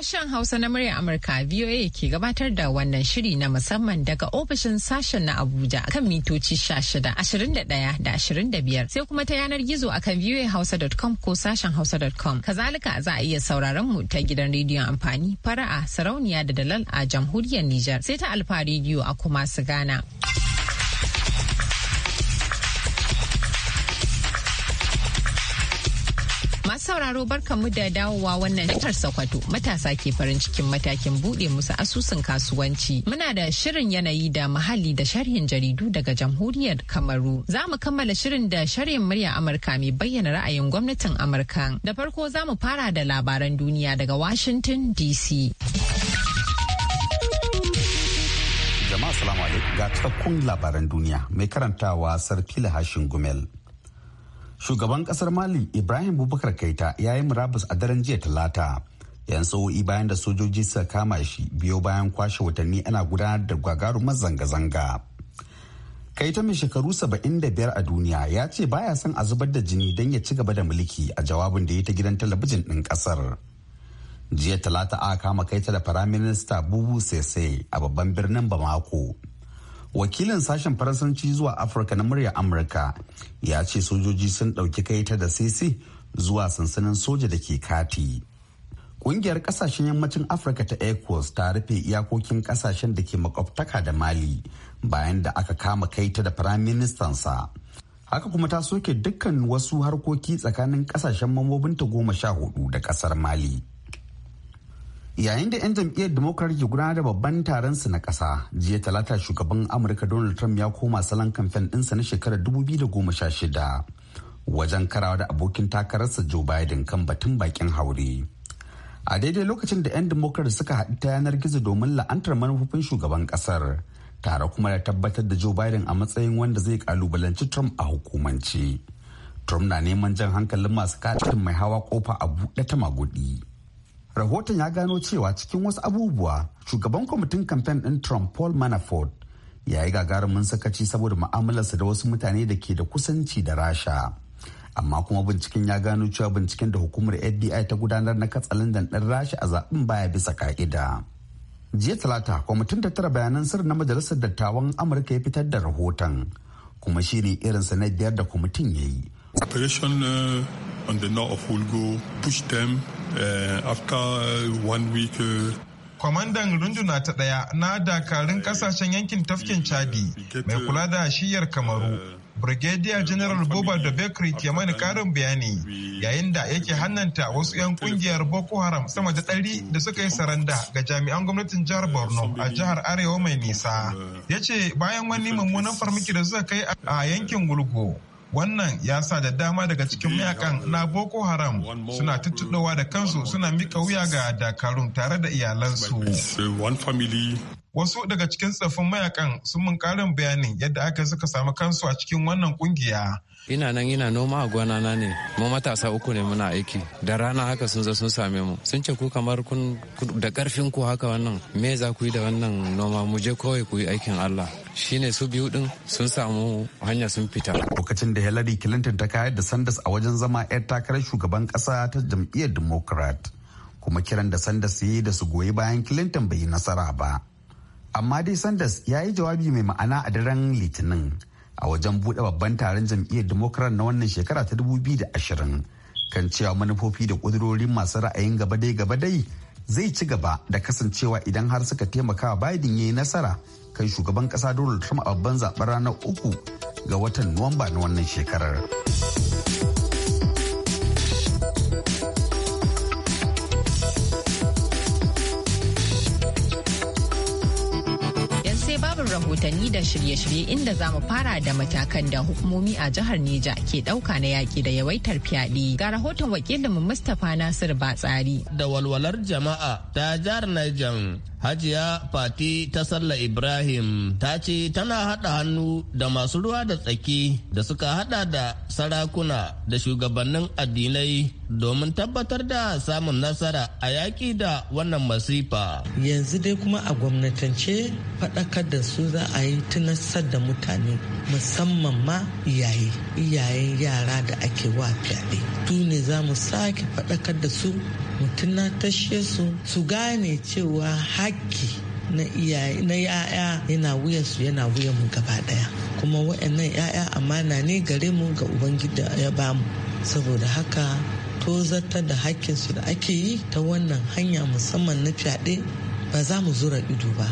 Sashen Hausa na muryar Amurka VOA ke gabatar da wannan shiri na musamman daga ofishin sashen na Abuja kan mitoci 16, 21 da 25 sai kuma ta yanar gizo akan voahausa.com ko sashen hausa.com. Kazalika za a iya sauraron mu ta gidan rediyon amfani fara'a sarauniya da dalal a jamhuriyar Nijar sai ta alfa rediyo a kuma su gana. sauraro barkanmu da dawowa wannan shirin sakwato matasa ke farin cikin matakin bude musu asusun kasuwanci. Muna da shirin yanayi da muhalli da sharhin jaridu daga jamhuriyar Kamaru. Za mu kammala shirin da sharhin murya Amurka mai bayyana ra'ayin gwamnatin Amurka. Da farko za mu fara da labaran duniya daga Washington DC. Jama'a salamu alaikum ga cikakkun labaran duniya mai karantawa Sarfila Hashin Gumel. shugaban kasar mali ibrahim bubakar kaita ya yi murabus a daren jiya talata yan sa'o'i bayan da sojoji suka kama shi biyo bayan kwashe watanni ana gudanar da gagarumar zanga-zanga kaita mai shekaru saba'in da biyar a duniya ya ce baya son a zubar da jini don ya ci gaba da mulki a jawabin da ya ta gidan talabijin ɗin ƙasar jiya talata aka kama kaita da firaminista bubu sese a babban birnin bamako wakilin sashen faransanci zuwa afirka na murya amurka ya ce sojoji sun ɗauki kaita da sisi zuwa sansanin soja da ke kati kungiyar kasashen yammacin afirka ta ecos ta rufe iyakokin kasashen da ke makwabtaka da mali bayan da aka kama kai ta da firaministansa haka kuma ta soke dukkan wasu harkoki tsakanin kasashen mambobinta goma sha hudu da kasar mali yayin da 'yan jam'iyyar democrat ke gudanar da babban taron su na kasa. jiya talata shugaban amurka donald trump ya koma salon kamfen ɗinsa na shekarar 2016 wajen karawa da abokin takararsa joe biden kan batun bakin haure a daidai lokacin da 'yan democrat suka haɗu ta yanar gizo domin la'antar manufofin shugaban kasar. tare kuma da tabbatar da joe biden a matsayin wanda zai kalubalanci trump a hukumance trump na neman jan hankalin masu katin mai hawa kofa a buɗe ta magudi rahoton ya gano cewa cikin wasu abubuwa shugaban kwamitin kamfen ɗin trump paul manafort ya yi gagarumin sakaci saboda mu'amalarsa da wasu mutane da ke da kusanci da rasha amma kuma binciken ya gano cewa binciken da hukumar fbi ta gudanar na katsalandan ɗin rasha a zaɓen baya bisa ka'ida jiya talata kwamitin tattara bayanan sirri na majalisar dattawan amurka ya fitar da rahoton kuma shine irinsa na biyar da kwamitin ya yi operation uh, on the north of Ulgo push them Eh, uh, uh, kwamandan runduna ta ɗaya na dakarun kasashen eh, yankin tafkin eh, chadi mai uh, kula da shiyar kamaru brigadier general boba da bakery ke mani karin bayani yayin da yake hannanta wasu 'yan kungiyar boko haram sama da ɗari da suka yi saranda ga jami'an gwamnatin jihar borno a jihar arewa mai nisa ya ce bayan wani mummunan farmaki da suka kai a yankin gulgo wannan ya sa da dama daga cikin mayakan na boko haram suna tuttuɗowa da kansu suna mika wuya ga dakarun tare da iyalansu wasu daga cikin tsaffin mayakan sun mun karin bayanin yadda aka suka samu kansu a cikin wannan kungiya ina nan ina noma a gona na ne mu matasa uku ne muna aiki da rana haka sun zo sun same mu sun ce ku kamar kun da karfin ku haka wannan me za ku yi da wannan noma mu je kawai ku yi aikin Allah shine su biyu din sun samu hanya sun fita. Lokacin da Hillary Clinton ta kayar da Sanders a wajen zama 'yar takarar shugaban kasa ta jam'iyyar Democrat, kuma kiran da Sanders yi da su goyi bayan Clinton bai yi nasara ba. Amma dai Sanders ya yi jawabi mai ma'ana a daren Litinin a wajen buɗe babban taron jam'iyyar Democrat na wannan shekara ta 2020 kan cewa manufofi da ƙudurorin masu ra'ayin gaba dai gaba dai zai ci gaba da kasancewa idan har suka taimaka Biden ya yi nasara kai shugaban kasa Donald Trump a babban zaben ranar uku ga watan Nuwamba na wannan shekarar. rahotanni da shirye-shirye inda za mu fara da matakan da hukumomi a jihar Neja ke ɗauka na yaƙi da yawaitar fyaɗe. Ga rahoton wakilinmu Mustapha Nasir Batsari. Da walwalar jama'a ta jihar Niger Hajiya Fati ta Sallah Ibrahim ta ce tana haɗa hannu da masu ruwa da tsaki da suka haɗa da sarakuna da shugabannin addinai domin tabbatar da samun nasara a yaƙi da wannan masifa. Yanzu dai kuma a gwamnatance faɗakar da su za a yi tunasar da mutane musamman ma iyaye iyayen yara da ake wa fyaɗe. Tu ne za mu sake faɗakar da su mu tashe su su gane cewa haƙƙi na iyaye na ya'ya yana wuyan su yana wuyan mu gaba daya kuma waɗannan ya'ya amana ne gare mu ga ubangiji ya ba mu. saboda haka tozartar da hakkin su da ake yi ta wannan hanya musamman na fyaɗe ba za mu zura ido ba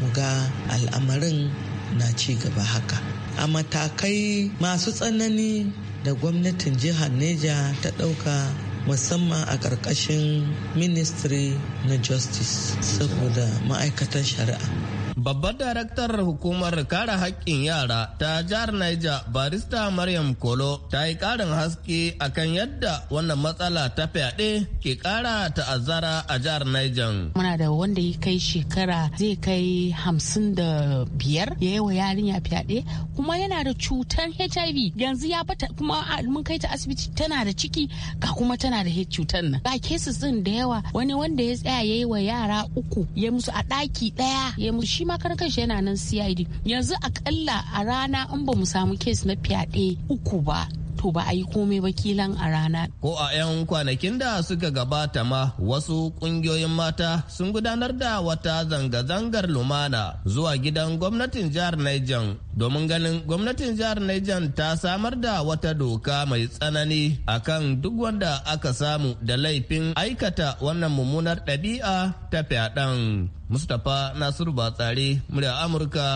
mu ga al'amarin na ci gaba haka a matakai masu tsanani da gwamnatin jihar neja ta ɗauka musamman a ƙarƙashin ministry na justice saboda ma'aikatan shari'a Babbar daraktar hukumar kare haƙƙin yara ta jihar Niger barista Maryam Kolo ta yi ƙarin haske akan yadda wannan matsala ta fyaɗe ke ƙara ta'azzara a jihar Niger. Muna da wanda ya kai shekara zai kai hamsin da biyar ya yi wa ya fyaɗe kuma yana da cutar HIV yanzu ya bata kuma mun kai ta asibiti tana da ciki ga kuma tana da cutar nan. Ga kesis ɗin da yawa wani wanda ya tsaya ya yi wa yara uku ya musu a ɗaki ɗaya ya musu shi ma ma karkan yana nan CID yanzu akalla a rana in ba mu samu kes na fyaɗe uku ba to ba a yi komai ba kilan a rana. Ko a 'yan kwanakin da suka gabata ma wasu kungiyoyin mata sun gudanar da wata zanga-zangar lumana zuwa gidan gwamnatin jihar Niger domin ganin gwamnatin jihar Niger ta samar da wata doka mai tsanani a kan duk wanda aka samu da laifin aikata wannan mummunar ɗabi'a ta fyaɗan. Mustapha Nasiru Batsari, murya Amurka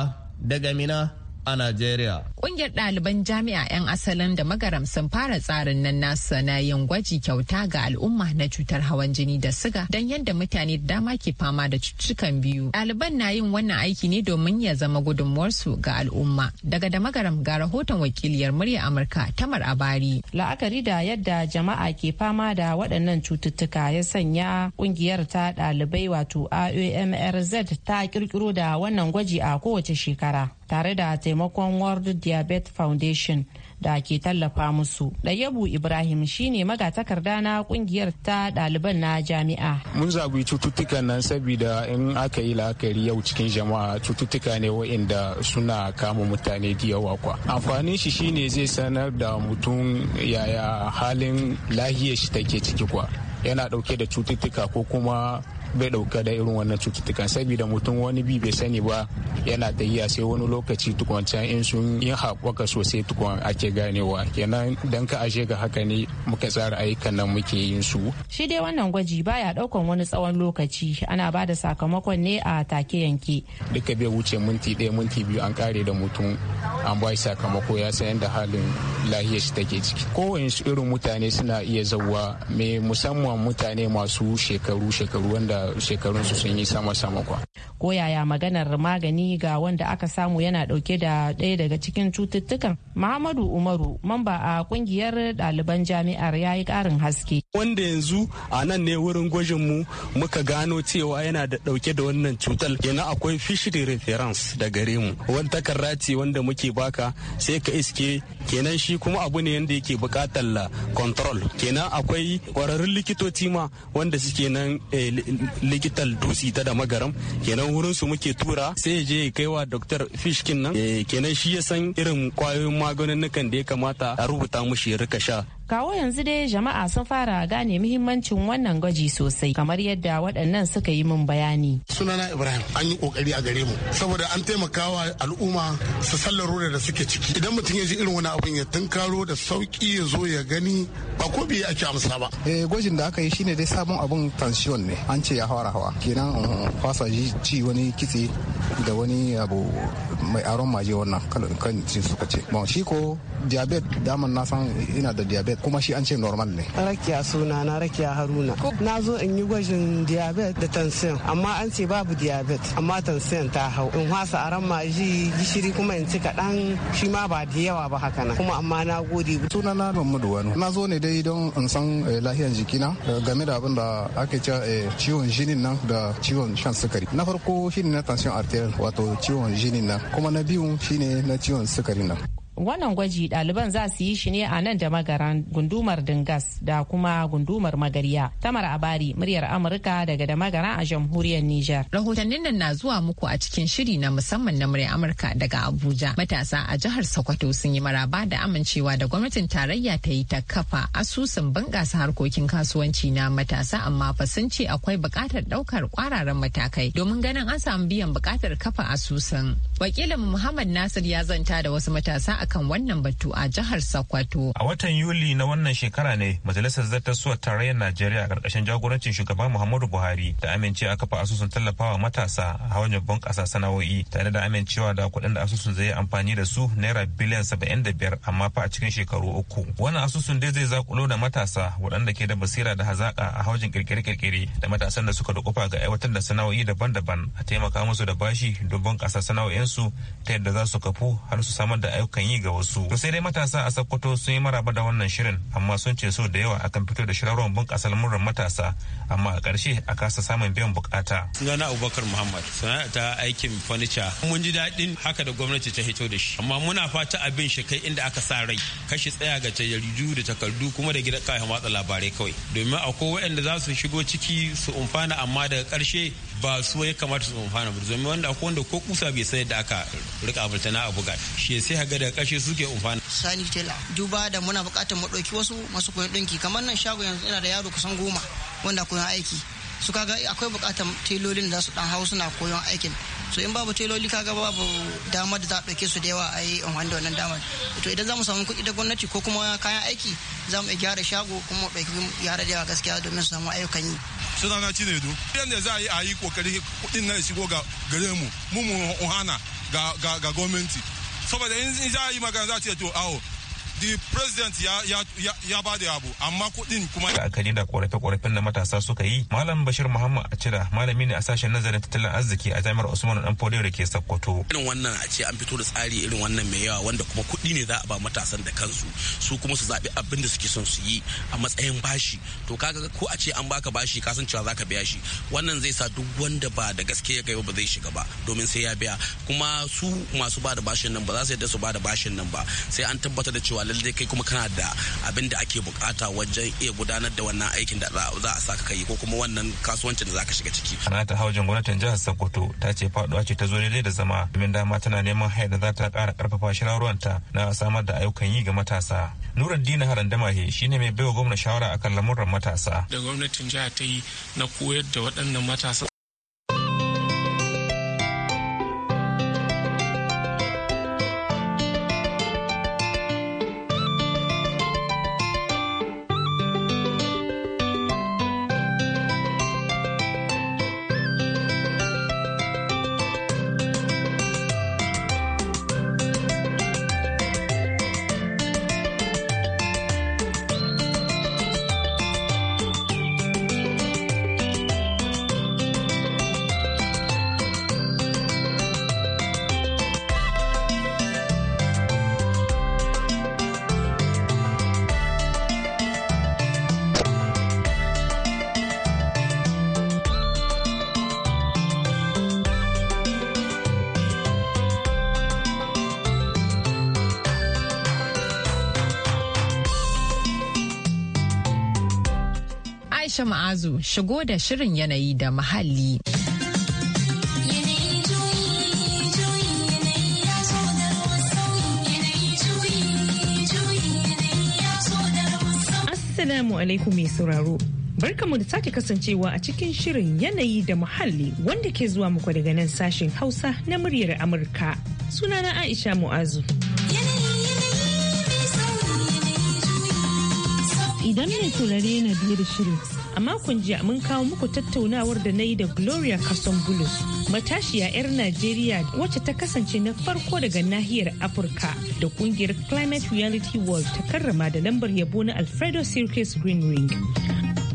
daga Mina a Najeriya. Ƙungiyar ɗaliban jami'a 'yan asalin da magaram sun fara tsarin nan nasu na yin gwaji kyauta ga al'umma na cutar hawan jini da suga, don yadda mutane da dama ke fama da cututtukan biyu. Ɗaliban na yin wannan aiki ne domin ya zama gudunmuwarsu ga al'umma. Daga da magaram ga rahoton wakiliyar murya Amurka Tamar Abari. La'akari da yadda jama'a ke fama da waɗannan cututtuka ya sanya ƙungiyar ta ɗalibai wato IOMRZ ta ƙirƙiro da wannan gwaji a kowace shekara. tare da taimakon world diabetes foundation da ke tallafa musu ɗayyabu ibrahim shine magatakarda na kungiyar ta ɗaliban na jami'a mun zabi cututtukan nan saboda in aka yi la'akari yau cikin jama'a cututtuka ne wa'inda suna kama mutane da yawa kwa amfanin shi shine zai sanar da mutum yaya halin lahiyar shi take ciki kwa yana ɗauke da cututtuka ko kuma bai dauka da irin wannan cututtuka saboda mutum wani bi bai sani ba yana ta iya sai wani lokaci tukun can in sun yi haɓaka sosai tukun ake ganewa kenan dan ka ashe ga haka ne muka tsara ayyukan nan muke yin su shi dai wannan gwaji baya daukan wani tsawon lokaci ana ba da sakamakon ne a take yanke duka bai wuce minti ɗaya minti biyu an kare da mutum an ba shi sakamako ya san yadda halin lahiyar shi take ciki kowane irin mutane suna iya zauwa me musamman mutane masu shekaru shekaru wanda shekarun su sun yi sama-sama kwa. Ko yaya maganar magani ga wanda aka samu yana dauke da ɗaya daga cikin cututtukan? Muhammadu Umaru, mamba a kungiyar ɗaliban jami'ar ya yi ƙarin haske. Wanda yanzu a nan ne wurin gwajin mu muka gano cewa yana da dauke da wannan cutar. Yana akwai fishi da reference da gare mu. Wani takarda ce wanda muke baka sai ka iske kenan shi kuma abu ne yanda yake bukatar control. Kenan akwai kwararrun likitoci ma wanda suke nan eh, likitan dusi ta da magaram kenan wurin su muke tura sai ya je ya kaiwa doktor fishkin nan eh, kenan shi ya san irin kwayoyin nukan da ya kamata a rubuta mushi rika sha kawo yanzu dai jama'a sun fara gane muhimmancin wannan gwaji sosai kamar yadda waɗannan suka yi min bayani sunana ibrahim an yi kokari a gare mu saboda an taimakawa al'umma su sallar da suke ciki idan mutum ya ji irin wani abin ya tunkaro da sauki ya zo ya gani ba ko biye ake amsa ba eh gwajin da aka yi shine dai sabon abun tension ne an ce ya fara hawa kenan fasa ci wani kitse da wani abu mai aron maje wannan kan suka ce ba shi ko diabet daman na san ina da diabetes kuma shi an ce normal ne rakiya suna na rakiya haruna na zo in yi gwajin diabet da tansiyon amma an ce babu diabet amma tansiyon ta hau in hasa aran maji gishiri kuma in ci kaɗan shi ma ba da yawa ba haka na kuma amma na gode suna na mamadu na zo ne dai don in san eh, lafiyar jikina eh, game da abin da ake cewa eh, ciwon jinin nan da ciwon shan sukari na farko shine na tension arterial wato ciwon jinin nan kuma na biyu shine na ciwon sukari nan wannan gwaji ɗaliban za su yi shi ne a nan da magaran gundumar dingas da kuma gundumar magariya tamar abari muryar amurka daga da magara a jamhuriyar niger rahotannin nan na zuwa muku a cikin shiri na musamman na muryar amurka daga abuja matasa a jihar sokoto sun yi maraba da amincewa da gwamnatin tarayya ta yi ta kafa asusun bunƙasa harkokin kasuwanci na matasa amma fa sun ce akwai buƙatar ɗaukar ƙwararan matakai domin ganin an samu biyan buƙatar kafa asusun wakilin muhammad nasir ya zanta da wasu matasa a akan wannan batu a jihar Sokoto. A watan Yuli na wannan shekara ne majalisar zartaswar tarayyar Najeriya ƙarƙashin jagorancin shugaban Muhammadu Buhari da amince a kafa asusun tallafawa matasa a hawan bunƙasa sana'o'i tare da amincewa da kuɗin da asusun zai amfani da su naira biliyan saba'in da biyar amma fa a cikin shekaru uku. Wannan asusun dai zai zakulo da matasa waɗanda ke da basira da hazaƙa a haujin ƙirƙire kirkire da matasan da suka da ga aiwatar da sana'o'i daban-daban a taimaka musu da bashi don ƙasa sana'o'insu ta yadda za su kafu har su samar da ayyukan yi ga wasu to sai dai matasa a Sokoto sun yi maraba da wannan shirin amma sun ce so da yawa akan fito da shirarwan bunƙasa murar matasa amma a ƙarshe a kasa samun biyan bukata sunana abubakar muhammad sana'a ta aikin fanica mun ji daɗin haka da gwamnati ta hito da shi amma muna fata abin shi kai inda aka sa rai kashi tsaya ga jaridu da takardu kuma da gidan kayan watsa labarai kawai domin akwai waɗanda za su shigo ciki su umfana amma daga ƙarshe ba so ya kamata su amfana ba domin wanda akwai wanda ko kusa bai sai da aka rika abulta na abuga shi sai haga daga kashe suke amfana sani tela duba da muna bukatar mu dauki wasu masu koyon dinki kamar nan shago yanzu ina da yaro kusan goma wanda koyon aiki su kaga akwai bukatar tailolin da su dan hau suna koyon aikin so in babu tailoli kaga babu dama da za a dauke su da yawa a yi amfani da wannan damar to idan zamu samu kuɗi da gwamnati ko kuma kayan aiki za mu gyara shago kuma mu ɗauki yara da yawa gaskiya domin su samu ayyukan yi. suna na cire Idan yadda za a yi a yi kokari kuɗin nan shigo ga gare mu mu mu hana ga gwamnati saboda in za a yi magana za a ce to awo di president ya ba da yabo amma kudin kuma la'akari da korafe-korafen da matasa suka yi malam bashir muhammad a cira malami ne a sashen nazarin tattalin arziki a jami'ar usman dan fodiyo da ke sakkwato irin wannan a ce an fito da tsari irin wannan mai yawa wanda kuma kudi ne za a ba matasan da kansu su kuma su zaɓi abin da suke son su yi a matsayin bashi to kaga ko a ce an baka bashi ka san cewa zaka biya shi wannan zai sa duk wanda ba da gaske ya kai ba zai shiga ba domin sai ya biya kuma su masu ba da bashin nan ba za su yadda su ba da bashin nan ba sai an tabbatar da cewa lallai kai kuma kana da abin da ake bukata wajen iya gudanar da wannan aikin da za a saka kai ko kuma wannan kasuwancin da za ka shiga ciki. Sanata Haujin gwamnatin jihar Sokoto ta ce faduwa ce ta zo daidai da zama domin dama tana neman hayar da za ta kara karfafa shirarwanta na samar da ayyukan yi ga matasa. dina Nuruddin Harandamahe ne mai baiwa gwamna shawara akan lamuran matasa. Da gwamnatin jihar ta yi na koyar da waɗannan matasa Aisha Ma'azu shigo da shirin yanayi da muhalli. Assalamu alaikum mai sauraro. Barkamu da sake kasancewa a cikin shirin yanayi da muhalli wanda ke zuwa muku daga nan sashen Hausa na muryar Amurka. Sunana Aisha Mu'azu. Idan mai saurare na biye da shirin a makon jiya mun kawo muku tattaunawar da na yi da gloria bulus matashiya 'yar najeriya wacce ta kasance na farko daga nahiyar afirka da kungiyar climate reality world ta karrama da lambar yabo na alfredo circus green ring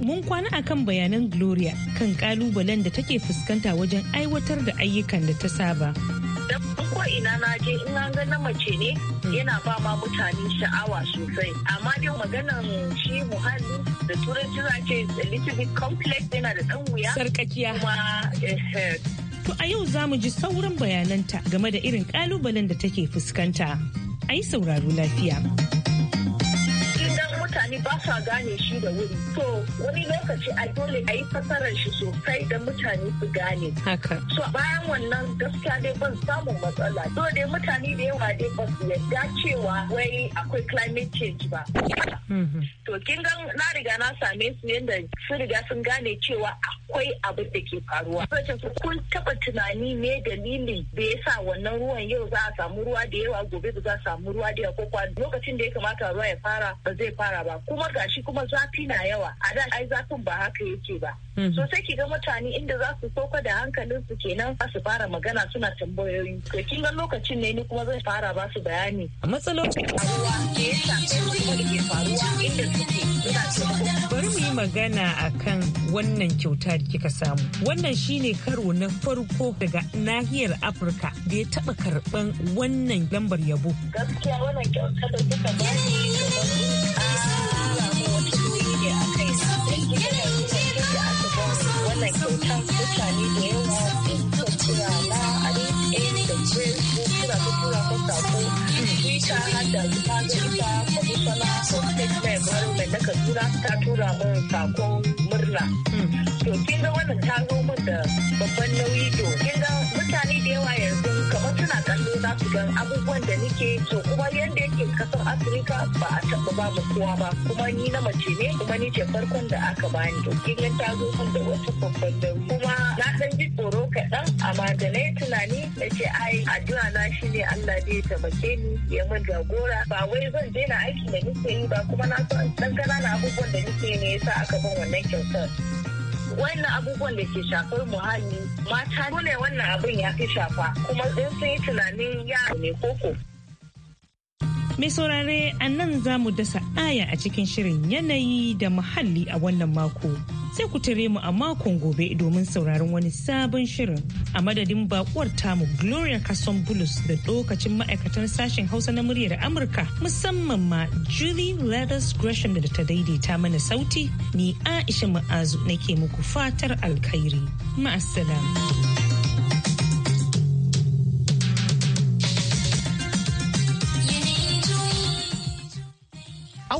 mun kwana a kan bayanan gloria kan kalubalen da take fuskanta wajen aiwatar da ayyukan da ta saba ina na je in an ga na mace ne yana ba ma mutane sha'awa sosai amma dai maganar shi muhalli da turanci za ce a little bit complex yana da dan wuya sarkakiya eh, eh. To a yau za mu ji sauran bayananta game da irin kalubalen da take fuskanta. A yi sauraro lafiya. mutane ba sa gane shi da wuri to wani lokaci a dole a yi fasarar shi sosai da mutane su gane so bayan wannan gaskiya dai ban samun matsala Dole mutane da yawa dai ba su yarda cewa wai akwai climate change ba mm-hmm. to kin ga na riga na same su yadda sun riga sun gane cewa akwai abin da ke faruwa kun taba tunani ne dalilin da ya sa wannan ruwan yau za a samu ruwa da yawa gobe ba za a samu ruwa da yawa ko lokacin da ya kamata ruwa ya fara ba zai fara ba kuma gashi kuma zafi na yawa a da ai zafin ba haka yake ba hmm. so sai ki ga mutane inda za su soka da hankalin su kenan su fara magana suna tambayoyi to kin ga lokacin ne ni kuma zan fara ba su bayani matsalolin faruwa ke yasa ke faruwa inda suke Bari mu yi magana a kan wannan kyauta da kika samu. Wannan shine karo na farko daga nahiyar Afirka da ya taɓa karɓan wannan lambar yabo. Gaskiya wannan kyauta da kika wannan kyautan mutane da yawa suka tura na alifai da facebook suna ta tura ta sako twitter har da zuba da ita kwamishana of state na murna to kin ga wannan ta zo min da babban nauyi to kin ga mutane da yawa yanzu ana kallo za su gan abubuwan da nike to kuma yanda yake kasar afirka ba a taba ba mu kowa ba kuma ni na mace ne kuma ni ce farkon da aka bani to kiran ta zo da wasu babban kuma na ɗan ji tsoro kaɗan amma da na yi tunani na ce ai addu'a na shi ne Allah zai taimake ni ya min jagora ba wai zan je na aiki da nike yi ba kuma na san ɗan ƙanana abubuwan da nike ne yasa aka ban wannan kyautar. wannan abubuwan da ke shafar muhalli mata ne wannan abin ya fi shafa kuma in sun yi tunanin yaro ne koko. Mai saurare a nan za mu dasa aya a cikin shirin yanayi da muhalli a wannan mako. sai ku tare mu a makon gobe domin sauraron wani sabon shirin a madadin bakuwar tamu gloria kason bulus da lokacin ma'aikatan sashen hausa na muryar amurka musamman ma julie ladders gresham da ta daidaita mana sauti ni aisha ma'azu nake muku fatar alkhairi ma'assalam.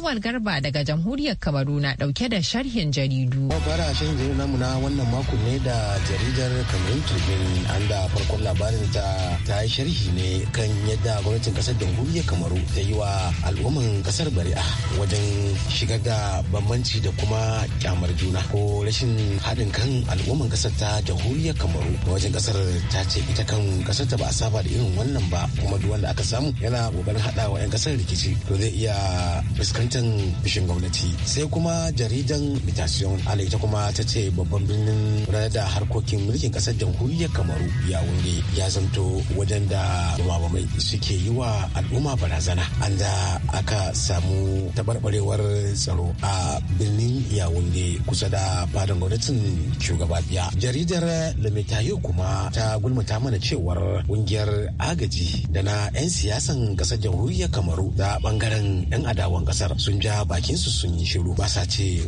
Awal Garba daga Jamhuriyar Kamaru na dauke da sharhin jaridu. Fara sharhin jaridu namu na wannan mako ne da jaridar Kamarun turbin an da farkon labarin ta ta yi sharhi ne kan yadda gwamnatin kasar Jamhuriyar Kamaru ta yi wa al'umman kasar bari'a wajen shigar da bambanci da kuma kyamar juna ko rashin haɗin kan al'umman kasar ta Jamhuriyar Kamaru wajen kasar ta ce ita kan kasar ta ba a saba da irin wannan ba kuma duk wanda aka samu yana kokarin haɗa wa 'yan kasar rikici to zai iya fuskantar asibitin bishin gwamnati sai kuma jaridan mutation ala ita kuma ta ce babban birnin da harkokin mulkin kasar jamhuriyar kamaru ya wuri ya zanto wajen da mabamai suke yi wa al'umma barazana an da aka samu tabarbarewar tsaro a birnin ya yawunde kusa da fadan gwamnatin shugaba biya jaridar lamitayo kuma ta gulmata mana cewar kungiyar agaji da na 'yan siyasan kasar jamhuriyar kamaru da bangaren 'yan adawan kasar sun ja bakinsu sun yi shiru ba sa ce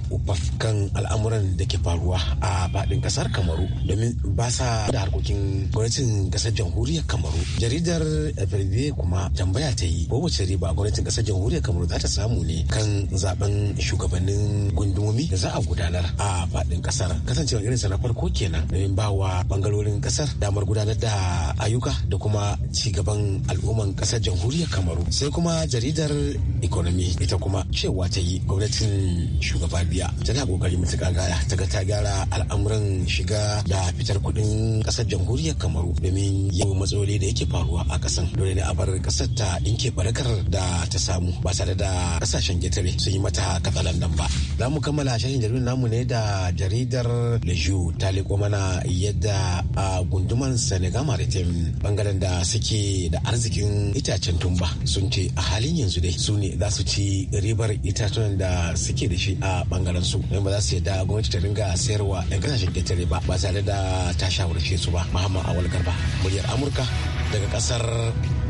kan al'amuran da ke faruwa a faɗin kasar kamaru domin ba sa da harkokin gwamnatin ƙasar jamhuriyar kamaru jaridar efirbe kuma tambaya ta yi ko wace riba gwamnatin ƙasar jamhuriyar kamaru za ta samu ne kan zaben shugabannin gundumomi da za a gudanar a faɗin ƙasar irin sa na farko kenan domin ba wa bangarorin ƙasar damar gudanar da ayyuka da kuma ci gaban al'umman kasar jamhuriyar kamaru sai kuma jaridar economy ita kuma cewa ta yi gwamnatin shugaba biya tana kokari matuƙa gara ta ga ta gyara al'amuran shiga da fitar kuɗin ƙasar jamhuriyar kamaru domin yau matsaloli da yake faruwa a ƙasan dole ne a bar ƙasar ta inke barakar da ta samu ba tare da ƙasashen getare sun yi mata katsalandan ba. za mu kammala shirin jaridar namu ne da jaridar leju ta liko mana yadda a gunduman senegal maritim bangaren da suke da arzikin itacen tumba sun ce a halin yanzu dai su ne za su ci ribar itatunan da suke da shi a bangaren su don ba za su yadda gwamnati ta ringa sayarwa yan kasashen ƙetare ba ba tare da ta shawarce su ba muhammad awal garba muryar amurka daga ƙasar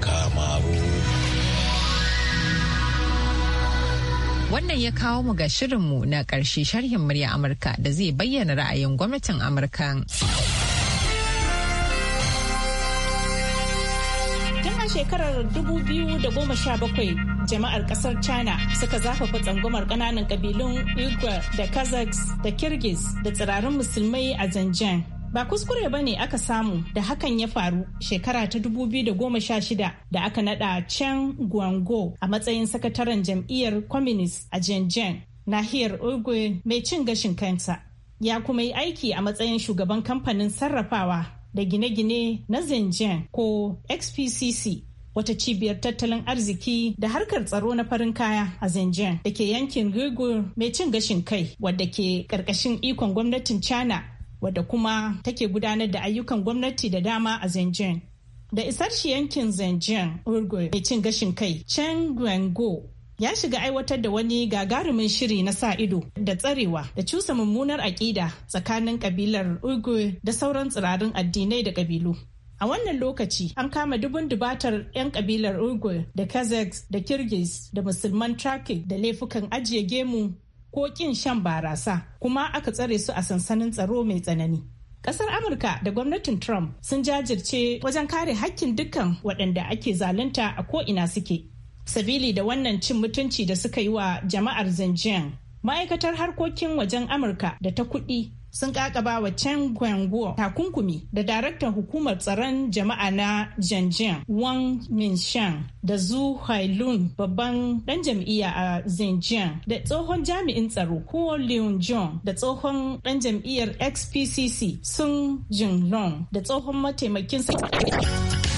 kamaru Wannan ya kawo mu ga shirinmu na ƙarshe sharhin murya Amurka da zai bayyana ra'ayin gwamnatin Amurka. Tun a shekarar 2017 jama'ar kasar China suka zafafa tsangwamar ƙananan ƙabilun Uyghur da Kazakhs da kyrgyz da tsirarin musulmai a Zanjan. Ba kuskure ba ne aka samu da hakan ya faru shekara ta 2016 da aka nada Chen Guango a matsayin sakataren jam'iyyar Communist a Shenzhen, nahiyar Uruguay mai cin gashin kansa. Ya kuma yi aiki a matsayin shugaban kamfanin sarrafawa da gine-gine na Shenzhen ko XPCC wata cibiyar tattalin arziki da harkar tsaro na farin kaya a Zanjian, da ke yankin gugu mai cin gashin kai wadda ke karkashin ikon gwamnatin China wadda kuma take gudanar da ayyukan gwamnati da dama a Zanjian. Da isar shi yankin Zanjian Uruguay mai cin gashin kai, Chen ya shiga aiwatar da wani gagarumin shiri na sa ido da tsarewa da cusa mummunar aƙida tsakanin kabilar Uruguay da sauran tsirarin addinai da kabilu. A wannan lokaci an kama dubun dubatar 'yan kabilar Uruguay da Kazakhs da Kirgis da musulman Turkic da laifukan ajiye gemu ko kin shan barasa kuma aka tsare su a sansanin tsaro mai tsanani. Kasar Amurka da gwamnatin Trump sun jajirce wajen kare hakkin dukkan waɗanda ake zalunta a ko'ina suke. Sabili da wannan cin mutunci da suka yi wa jama'ar Xinjiang, ma'aikatar harkokin wajen Amurka da ta kuɗi sun kakaba wa Chen Guangguo takunkumi da daraktan hukumar tsaron jama'a na Janjiang Wang Minshan da Zhu Hailun babban dan jam'iyya a Xinjiang da tsohon jami'in tsaro ko Leon da tsohon dan jam'iyyar XPCC Sun Jinlong da tsohon mataimakin sa